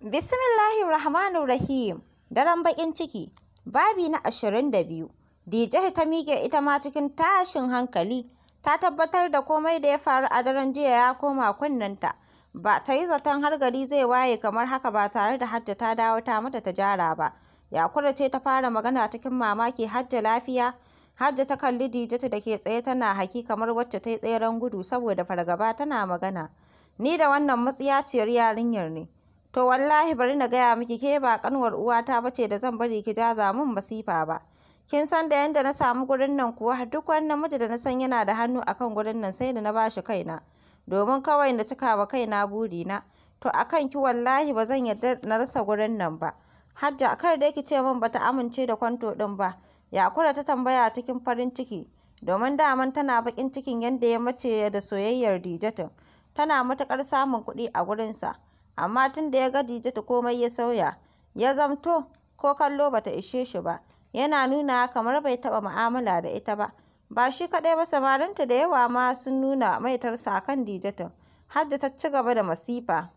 Bismillahirrahmanirrahim. Daren bakin ciki. Babi na ashirin da biyu. Dijar ta miƙe ita ma cikin tashin hankali. Ta tabbatar da komai da ya faru a daren jiya ya koma kunnenta. Ba ta yi zaton har gari zai waye kamar haka ba tare da Hajja ta dawo ta mata ta jara ba. Yakura ce ta fara magana cikin mamaki Hajja lafiya. Hajja ta kalli Dijatu da ke tsaye tana haki kamar wacce ta yi tseren gudu saboda fargaba tana magana. Ni da wannan matsiyaciyar yarinyar ne. to wallahi bari na gaya miki ke ba kanwar uwata ce da zan bari ki jaza mun masifa ba kin san da yanda na samu gurin nan kuwa duk wani namiji da na san yana da hannu akan gurin nan sai da na bashi kaina domin kawai na cika wa kaina burina to akan ki wallahi ba zan yarda na rasa gurin nan ba hajja kar dai ki ce min bata amince da kwanto din ba yakura ta tambaya cikin farin ciki domin daman tana bakin cikin yadda ya mace da soyayyar dijatin tana matuƙar samun kuɗi a gurinsa amma tun da ya ga Dijatu komai ya sauya, ya zamto ko kallo bata ishe shi ba, yana nuna kamar bai taɓa mu'amala da ita ba. Ba shi kaɗai ba samarinta da yawa ma sun nuna maitarsa a kan har da ta ci gaba da masifa.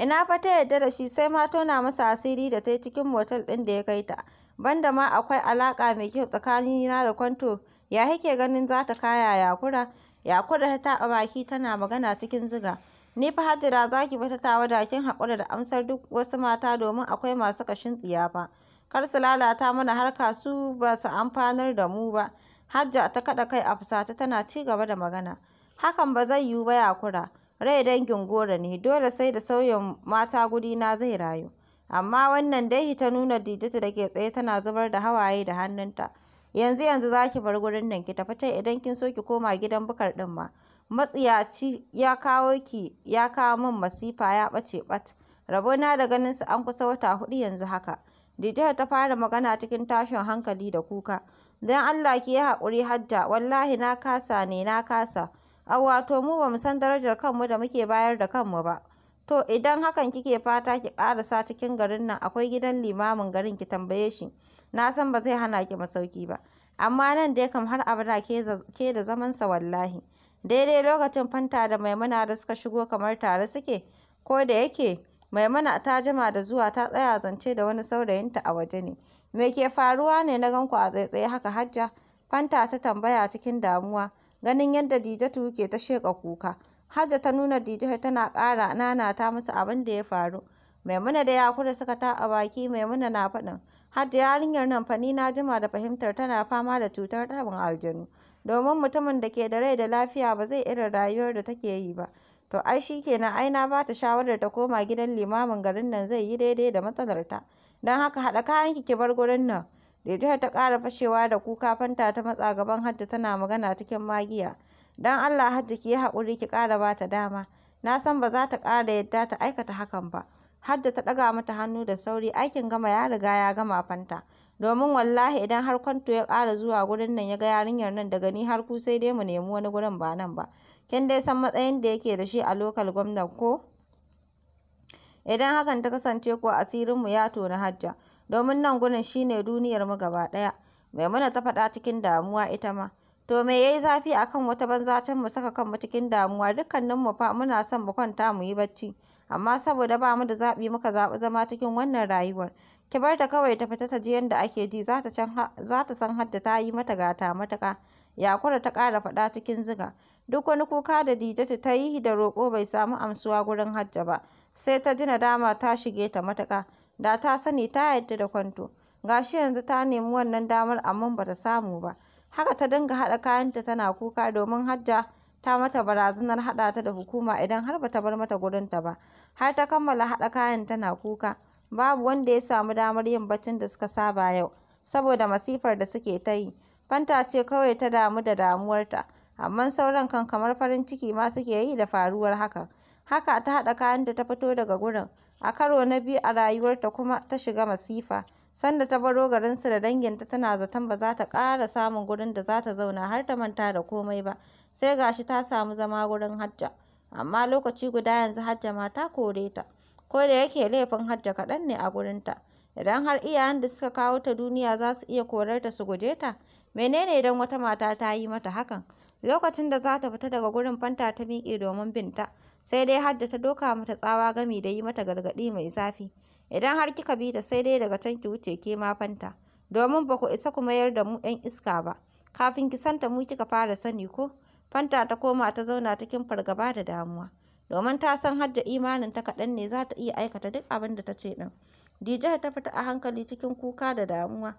Ina fa ta yadda da shi sai ma tona masa asiri da ta yi cikin motel ɗin da ya kai ta, banda ma akwai alaka mai kyau tsakanina da Kwanto, ya yake ganin za ta kaya Yakura? Yakura ta taɓa baki tana magana cikin ziga. Ni fa Hajara za ki ta tawada kin haƙura da amsar duk wasu mata domin akwai masu kashin tsiyafa. Kar su lalata mana harka su ba su amfanar da mu ba. Hajja ta kaɗa kai a fusata tana ci gaba da magana. Hakan ba zai yiwu ba yakura. Rai dangin goro ne, dole sai da sauyin mata gudina zai rayu. Amma wannan dai ta nuna didita da ke tsaye tana zubar da hawaye da hannunta. Yanzu yanzu za ki bar gurin nan ki tafi can idan kin so ki koma gidan bukar ɗin ma. matsiyaci ya kawo ki ya kawo min masifa ya ɓace ɓat na da ganin ganinsa an kusa wata hudu yanzu haka Didiyar ta fara magana cikin tashin hankali da kuka don Allah ki yi haƙuri hajja wallahi na kasa ne na kasa a wato mu ba mu san darajar kanmu da muke bayar da kanmu ba to idan hakan kike fata ki ƙarasa cikin garin nan akwai gidan limamin garin ki tambaye shi na san ba zai hana ki masauki ba amma nan dai kam har abada ke da zamansa wallahi daidai lokacin fanta da maimuna da suka shigo kamar tare suke ko da yake maimuna ta jima da zuwa ta tsaya zance da wani saurayinta a waje ne me ke faruwa ne na ganku a tsaitsaye haka hajja fanta ta tambaya cikin damuwa ganin yadda dijatu ke ta sheƙa kuka hajja ta nuna dijatu tana ƙara nanata musu abin da ya faru maimuna da yakura suka taɓa baki maimuna na faɗin hajja yarinyar nan fa ni na jima da fahimtar tana fama da cutar tabin aljanu domin mutumin da ke da rai da lafiya ba zai irin rayuwar da take yi ba. To ai shi kenan ai na ba ta shawarar ta koma gidan limamin garin nan zai yi daidai da matsalarta. Don haka haɗa kayanki ki bar gurin nan. Rijiyar ta ƙara fashewa da kuka fanta ta matsa gaban Hajji tana magana cikin magiya. Don Allah Hajji ki yi haƙuri ki ƙara ba ta dama. Na san ba za ta ƙara yadda ta aikata hakan ba. Hajji ta ɗaga mata hannu da sauri aikin gama ya riga ya gama fanta. domin wallahi idan har Kwanto ya ƙara zuwa gurin nan ya ga yarinyar nan daga ni har ku sai dai mu nemi wani gurin ba nan ba. Kin dai san matsayin da yake da shi a lokal gwamnan ko? Idan hakan ta kasance ko mu ya tona hajja, domin nan gurin shi ne duniyarmu gaba ɗaya. Maimuna ta faɗa cikin damuwa ita ma. To me yayi zafi akan wata banza can mu saka kanmu cikin damuwa dukkanin mu fa muna son mu kwanta mu yi bacci amma saboda ba mu da zaɓi muka zaɓi zama cikin wannan rayuwar. Ki bar ta kawai ta fita ta ji yadda ake ji za ta san hadda ta yi mata gata matuƙa. Yakura ta kara faɗa cikin ziga. Duk wani kuka da dija ta yi da roƙo bai samu amsuwa gurin Hajja ba, sai ta ji nadama ta shige ta matuka da ta sani ta yarda da kwanto. gashi yanzu ta nemi wannan damar amma ba ta samu ba. Haka ta dinga haɗa kayanta tana kuka domin Hajja ta mata barazanar haɗa ta da hukuma idan har ba ta bar mata gurinta ba. Har ta kammala haɗa kayan tana kuka. Babu wanda ya samu damar yin baccin da suka saba yau saboda masifar da suke ta yi. Fanta ce kawai ta damu da damuwarta, amma sauran kan kamar farin ciki ma suke yi da faruwar hakan. Haka ta haɗa kayanta ta fito daga gurin. A karo na biyu a rayuwarta kuma ta shiga masifa. Sanda ta baro garinsu da danginta tana zaton ba za ta ƙara samun gurin da za ta zauna har ta manta da komai ba, sai gashi ta samu zama gurin Hajja. Amma lokaci guda yanzu Hajja ma ta kore ta, ko da yake laifin Hajja kaɗan ne a gurinta. Idan har iyayen da suka kawo ta duniya za su iya korar ta su guje ta, menene idan wata mata ta yi mata hakan? Lokacin da za ta fita daga gurin Fanta ta miƙe domin binta, sai dai Hajja ta doka mata tsawa gami da yi mata gargaɗi mai zafi. idan har kika bi ta sai dai daga can ki wuce ke ma fanta domin ba ku isa ku mayar da mu 'yan iska ba kafin ki santa mu kika fara sani ko fanta ta koma ta zauna cikin fargaba da damuwa domin ta san hadda imanin ta kaɗan ne za ta iya aikata duk abin da ta ce ɗin Dija ta fita a hankali cikin kuka da damuwa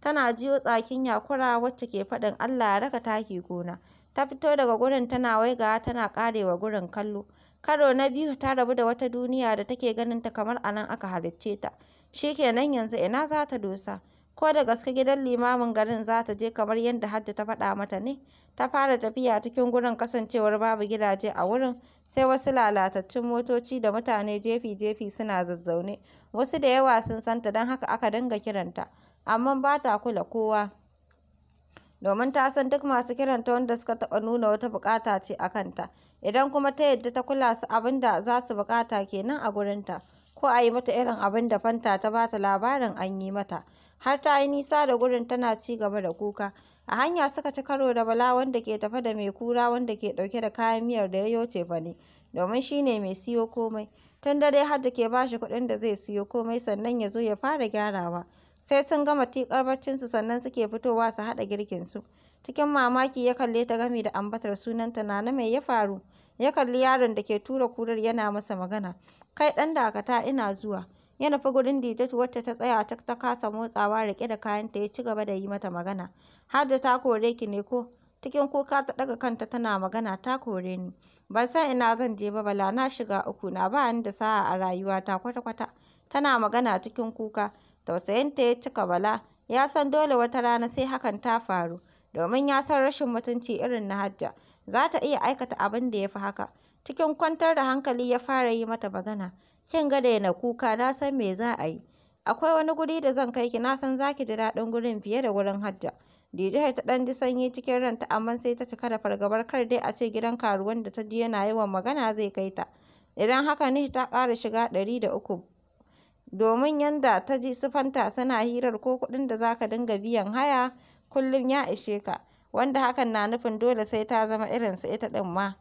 tana jiyo tsakin yakura wacce ke faɗin Allah ya raka taki gona ta fito daga gurin tana waigawa tana ƙarewa gurin kallo Karo na biyu ta rabu da wata duniya da take ganin ta kamar a nan aka halicce ta. Shi kenan yanzu ina za ta dosa? Ko da gaske gidan limamin garin za ta je kamar yadda Hajji ta faɗa mata ne? Ta fara tafiya cikin gurin kasancewar babu gidaje a wurin, sai wasu lalatattun motoci da mutane jefi-jefi suna zazzaune. Wasu da yawa sun santa don haka aka dinga kiranta, amma ba ta kula kowa. domin ta san duk masu kiranta wanda suka taɓa nuna wata bukata ce a kanta idan kuma ta yadda ta kula su abin da za su buƙata kenan a gurinta ko a yi mata irin abin da fanta ta ba ta labarin an yi mata har ta yi nisa da gurin tana ci gaba da kuka a hanya suka ci karo da bala wanda ke tafe da mai kura wanda ke ɗauke da kayan miyar da ya yoce ba ne domin shi ne mai siyo komai tun dare har da ke ba shi kuɗin da zai siyo komai sannan ya zo ya fara gyarawa sai sun gama tikar baccinsu sannan suke fitowa su haɗa su. Cikin mamaki ya kalle ta gami da ambatar sunanta Nana mai ya faru? Ya kalli yaron da ke tura kurar yana masa magana. Kai ɗan dakata ina zuwa. Ya nufi gurin Didatu wacce ta tsaya ta ta kasa motsawa riƙe da kayanta ya ci gaba da yi mata magana. Hajja ta kore ki ne ko? Cikin kuka ta ɗaga kanta tana magana ta kore ni. Ban san ina zan je ba bala na shiga uku na ba ni da sa'a a rayuwata kwata-kwata. Tana magana cikin kuka. ta ya cika Bala, ya san dole wata rana sai hakan ta faru, domin ya san rashin mutunci irin na Hajja, za ta iya aikata abin da ya fi haka. Cikin kwantar da hankali ya fara yi mata magana, kin ga daina kuka na san me za a yi. Akwai wani guri da zan kai ki na san za ki ji daɗin gurin fiye da gurin Hajja. Dijai ta ɗan ji sanyi cikin ranta amma sai ta cika da fargabar kar dai a ce gidan karuwan da ta ji yana yawan magana zai kai ta. Idan haka ne ta ƙara shiga ɗari da uku domin yanda ta ji su Fanta suna hirar ko kuɗin da za ka dinga biyan haya kullum ya ishe ka, wanda hakan na nufin dole sai ta zama irinsu ita ɗin ma.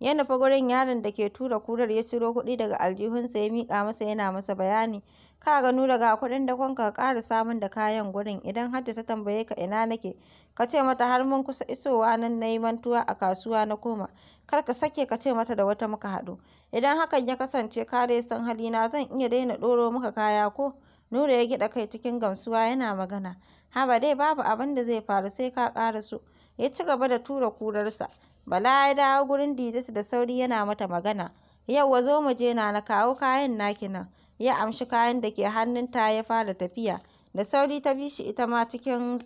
Ya nufi gurin yaron da ke tura kurar ya ciro kuɗi daga aljihunsa ya mika masa yana masa bayani. Ka ga nura ga kuɗin dakonka ka ƙara samun da kayan gurin idan Hajja ta tambaye ka ina nake ka ce mata har mun kusa isowa nan na yi mantuwa a kasuwa na koma kar ka sake ka ce mata da wata muka haɗu idan hakan ya kasance ka dai san halina zan iya daina ɗoro maka kaya ko Nura ya gida kai cikin gamsuwa yana magana. Haba dai babu abin da zai faru sai ka ƙara so. Ya ci gaba da tura kurarsa. Bala ya dawo gurin Didatu da sauri yana mata magana. Yauwa zo mu je na kawo kayan naki nan. Ya amshi kayan da ke hannunta ya fara tafiya. Da sauri ta bi shi ita ma cikin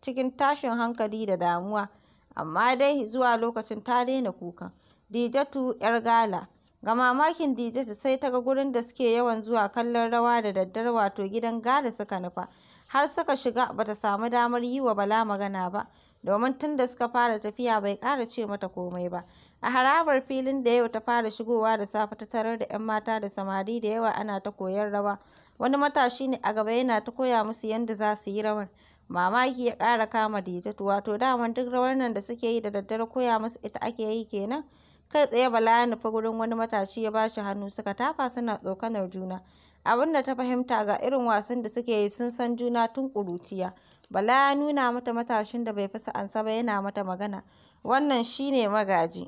cikin tashin hankali da damuwa. Amma dai zuwa lokacin ta daina kuka Didatu 'yar gala. Ga mamakin Didatu sai ta ga gurin da suke yawan zuwa kallon rawa da daddare wato gidan gala suka nufa. Har suka shiga bata samu damar yi wa Bala magana ba. domin tun da suka fara tafiya bai ƙara ce mata komai ba. A harabar filin da yau ta fara shigowa da safe ta tarar da 'yan mata da samari da yawa ana ta koyon rawa. Wani matashi ne a gaba yana ta koya musu yadda za su yi rawar. Mamaki ya ƙara kama Dijatu, wato daman duk rawar nan da suke yi da daddare koya musu ita ake yi kenan. Kai tsaye Bala ya nufi gurin wani matashi ya bashi hannu suka tafa suna tsokanar juna. Abin da ta fahimta ga irin wasan da suke yi sun san juna tun ƙuruciya. Bala ya nuna mata matashin da bai fi sa'ansa ba yana mata magana. Wannan shi ne magaji.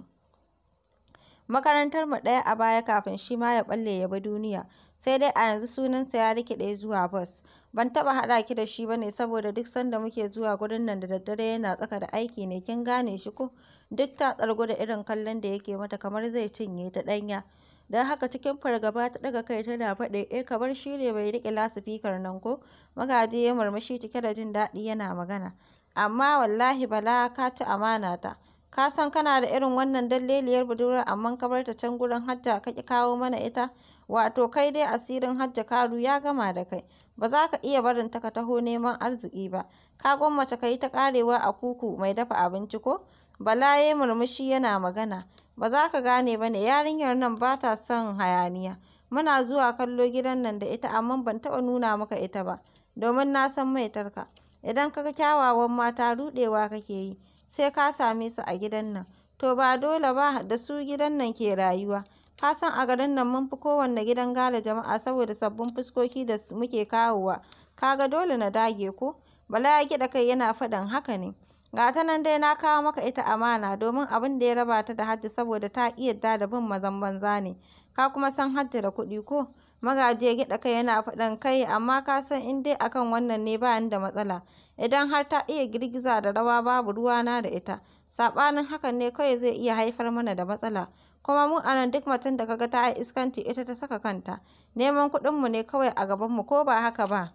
makarantar mu ɗaya a baya kafin shi ma ya ɓalle ya bi duniya. Sai dai a yanzu sunansa ya rikiɗe zuwa bas. Ban taɓa haɗa ki da shi ba ne saboda duk sanda muke zuwa gurin nan da daddare yana tsaka da aiki ne kin gane shi ko? Duk ta tsargu da irin kallon da yake mata kamar zai cinye ta ɗanya. don haka cikin fargaba ta ɗaga kai tana faɗin eh kamar shi ne mai riƙe lasifikar nan ko magaji ya murmushi cike da jin daɗi yana magana amma wallahi bala ka ci amana ta ka san kana da irin wannan dalleliyar budurwar amma ka bar ta can gurin hajja ka ki kawo mana ita wato kai dai asirin hajja karu ya gama da kai ba za ka iya barin ta ka taho neman arziki ba ka gwammace ka yi ta karewa a kuku mai dafa abinci ko bala ya murmushi yana magana Ba za ka gane ba ne, yarinyar nan ba ta son hayaniya. Muna zuwa kallo gidan nan da ita amma ban taɓa nuna maka ita ba, domin na san maitarka. Idan ka ga kyawawan mata ruɗewa kake yi, sai ka same su a gidan nan. To ba dole ba da su gidan nan ke rayuwa. Ka san a garin nan mun fi kowanne gidan gala jama'a saboda sabbin fuskoki da muke kawowa. Ka ga dole na dage ko? Bala ya gyaɗa kai yana faɗin haka ne. Ga ta nan dai na kawo maka ita amana domin abin da ya raba ta da Hajji saboda ta ƙi yarda da bin mazan banza ne. Ka kuma san Hajji da kuɗi ko? Magaji ya gyaɗa kai yana faɗin kai amma ka san in dai akan wannan ne ba ni da matsala. Idan har ta iya girgiza da rawa babu ruwana da ita. Saɓanin hakan ne kawai zai iya haifar mana da matsala. Kuma mu a nan duk mutum da kaga ta yi iskanci ita ta saka kanta. Neman kuɗinmu ne kawai a gabanmu ko ba haka ba?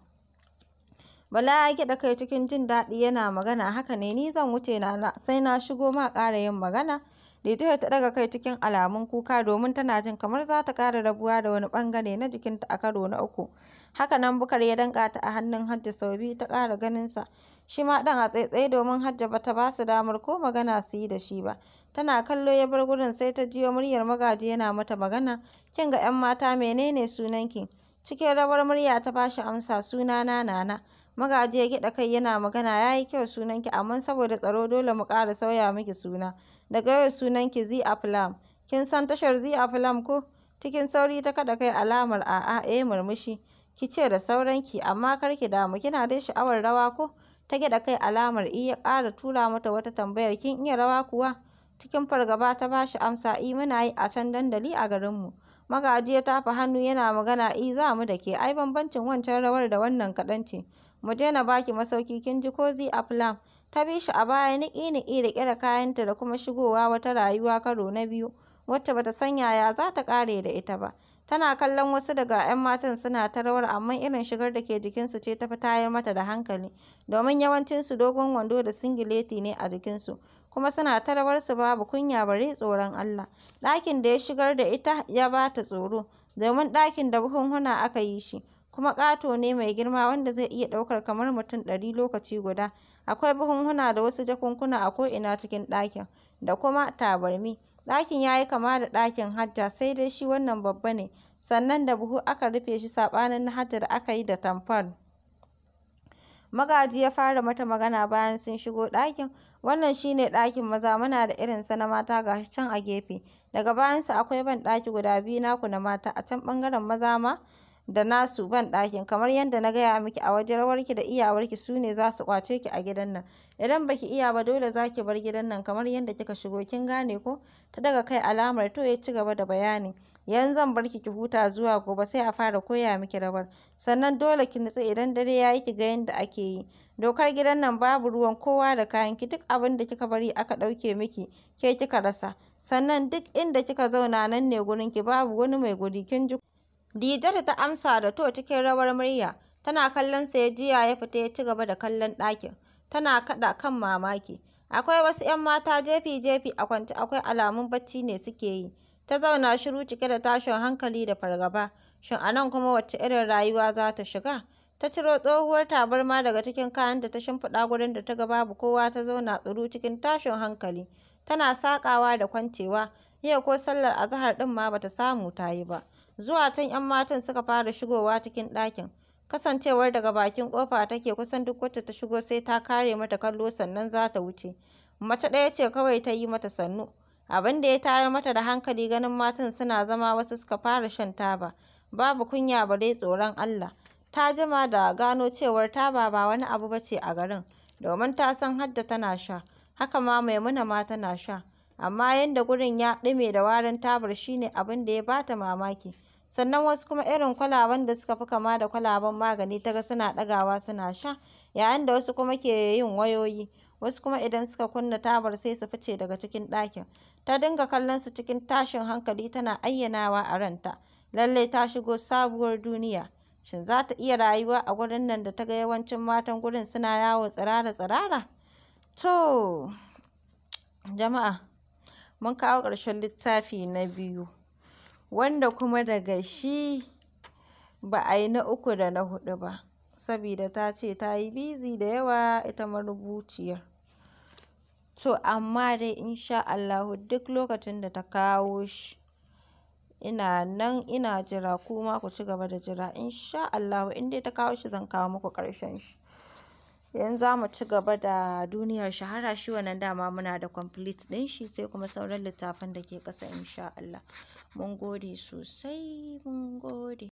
Bala ya gyaɗa kai cikin jin daɗi yana magana haka ne ni zan wuce na sai na shigo ma ƙara yin magana. Lidiya ta ɗaga kai cikin alamun kuka domin tana jin kamar za ta ƙara rabuwa da wani ɓangare na jikinta a karo na uku. Haka nan Bukar ya danƙa ta a hannun Hajji sau biyu ta ƙara ganinsa. Shi ma ɗan a tsaitsaye domin Hajji ba ta ba su damar ko magana su yi da shi ba. Tana kallo ya bar gurin sai ta jiyo muryar magaji yana mata magana. Kin ga 'yan mata menene sunanki? Cikin rawar murya ta ba shi amsa sunana Nana. Magaji ya gyaɗa kai yana magana ya yi kyau sunanki amma saboda tsaro dole mu ƙara sauya miki suna. Daga yau sunanki Zi flam Kin san tashar Zi flam ko? Cikin sauri ta kaɗa kai alamar a'a eh murmushi. Ki ce da sauranki amma kar ki damu kina dai sha'awar rawa ko? Ta gyaɗa kai alamar i e, ya ƙara tura mata wata tambayar kin iya rawa kuwa? Cikin fargaba ta ba shi amsa i e, muna yi a can dandali a garinmu. Magaji ya tafa hannu yana magana i e, za mu da ke ai bambancin wancan rawar da wannan kaɗan ce. mu je na baki masauki kin ji ko zi aflam ta bi shi a baya niƙi-niƙi da da kayanta da kuma shigowa wata rayuwa karo na biyu wacce bata san yaya za ta ƙare da ita ba tana kallon wasu daga 'yan matan suna ta rawar amma irin shigar da ke jikinsu ce ta fi tayar mata da hankali domin yawancinsu dogon wando da singileti ne a jikinsu kuma suna ta su babu kunya bare tsoron Allah ɗakin da ya shigar da ita ya ba ta tsoro domin ɗakin da buhunhuna aka yi shi kuma ƙato ne mai girma wanda zai iya ɗaukar kamar mutum ɗari lokaci guda. Akwai buhunhuna da wasu jakunkuna a ko'ina cikin ɗakin, da kuma tabarmi. Ɗakin ya yi kama da ɗakin Hajja, sai dai shi wannan babba ne, sannan da buhu aka rufe shi saɓanin na Hajja da aka yi da tamfol. Magaji ya fara mata magana bayan sun shigo ɗakin. Wannan shi ne ɗakin maza, muna da irinsa na mata ga can a gefe. Daga bayansa akwai banɗaki guda biyu naku na mata, a can ɓangaren maza ma da nasu ban ɗakin kamar yadda na gaya miki a wajen rawarki da iyawarki su ne za su ƙwace ki a gidan nan idan baki iya ba dole za ki bar gidan nan kamar yadda kika shigo kin gane ko ta daga kai alamar to ya ci gaba da bayani yanzu zan bar ki huta zuwa gobe sai a fara koya miki rawar sannan dole ki nutsu idan dare ya yi ki ga yadda ake yi dokar gidan nan babu ruwan kowa da kayan ki duk abin da kika bari aka ɗauke miki ke kika rasa sannan duk inda kika zauna nan ne gurin ki babu wani mai guri kin ji Dijata ta amsa da to cikin rawar murya, tana kallon sa ya ya fita ya ci gaba da kallon ɗakin, tana kaɗa kan mamaki. Akwai wasu 'yan mata jefi-jefi a kwance akwai alamun bacci ne suke yi. Ta zauna shiru cike da tashin hankali da fargaba. Shin a nan kuma wacce irin rayuwa za ta shiga? Ta ciro tsohuwar tabarma daga cikin kayan da ta shimfiɗa gurin da ta ga babu kowa ta zauna tsuru cikin tashin hankali. Tana saƙawa da kwancewa, yau ko sallar azahar ɗin ma bata samu ta yi ba. Zuwa can 'yan matan suka fara shigowa cikin ɗakin. Kasancewar daga bakin ƙofa take kusan duk wacce ta shigo sai ta kare mata kallo sannan za ta wuce. Mace ɗaya ce kawai ta yi mata sannu. Abin da ya tayar mata da hankali ganin matan suna zama wasu suka fara shan taba. Babu kunya bare tsoron Allah. Ta jima da gano cewar taba ba wani abu ba ce a garin, domin ta san Hadda tana sha, haka ma Maimuna ma tana sha. amma yadda gurin ya ɗume da warin tabar shine ne abin da ya bata mamaki. Sannan wasu kuma irin kwalaben da suka fi kama da kwalaben magani ta ga suna ɗagawa suna sha, yayin da wasu kuma ke yin wayoyi, wasu kuma idan suka kunna tabar sai su fice daga cikin ɗakin. Ta dinga kallon su cikin tashin hankali tana ayyanawa a ranta, lallai ta shigo sabuwar duniya. Shin za ta iya rayuwa a gurin nan da ta ga yawancin matan gurin suna yawo tsirara-tsirara? To, jama'a. mun kawo ƙarshen littafi na biyu wanda kuma daga shi ba a yi na uku da na huɗu ba sabida ta ce ta yi bizi da yawa ita marubuciyar to amma dai insha Allahu duk lokacin da ta kawo shi ina nan ina jira kuma ku ci gaba da jira insha Allahu in dai ta kawo shi zan kawo muku ƙarshen shi Idan za mu ci gaba da duniyar shahara shi wannan dama muna da complete ɗin shi sai kuma sauran littafan da ke ƙasa insha Allah. Mun gode sosai, mun gode.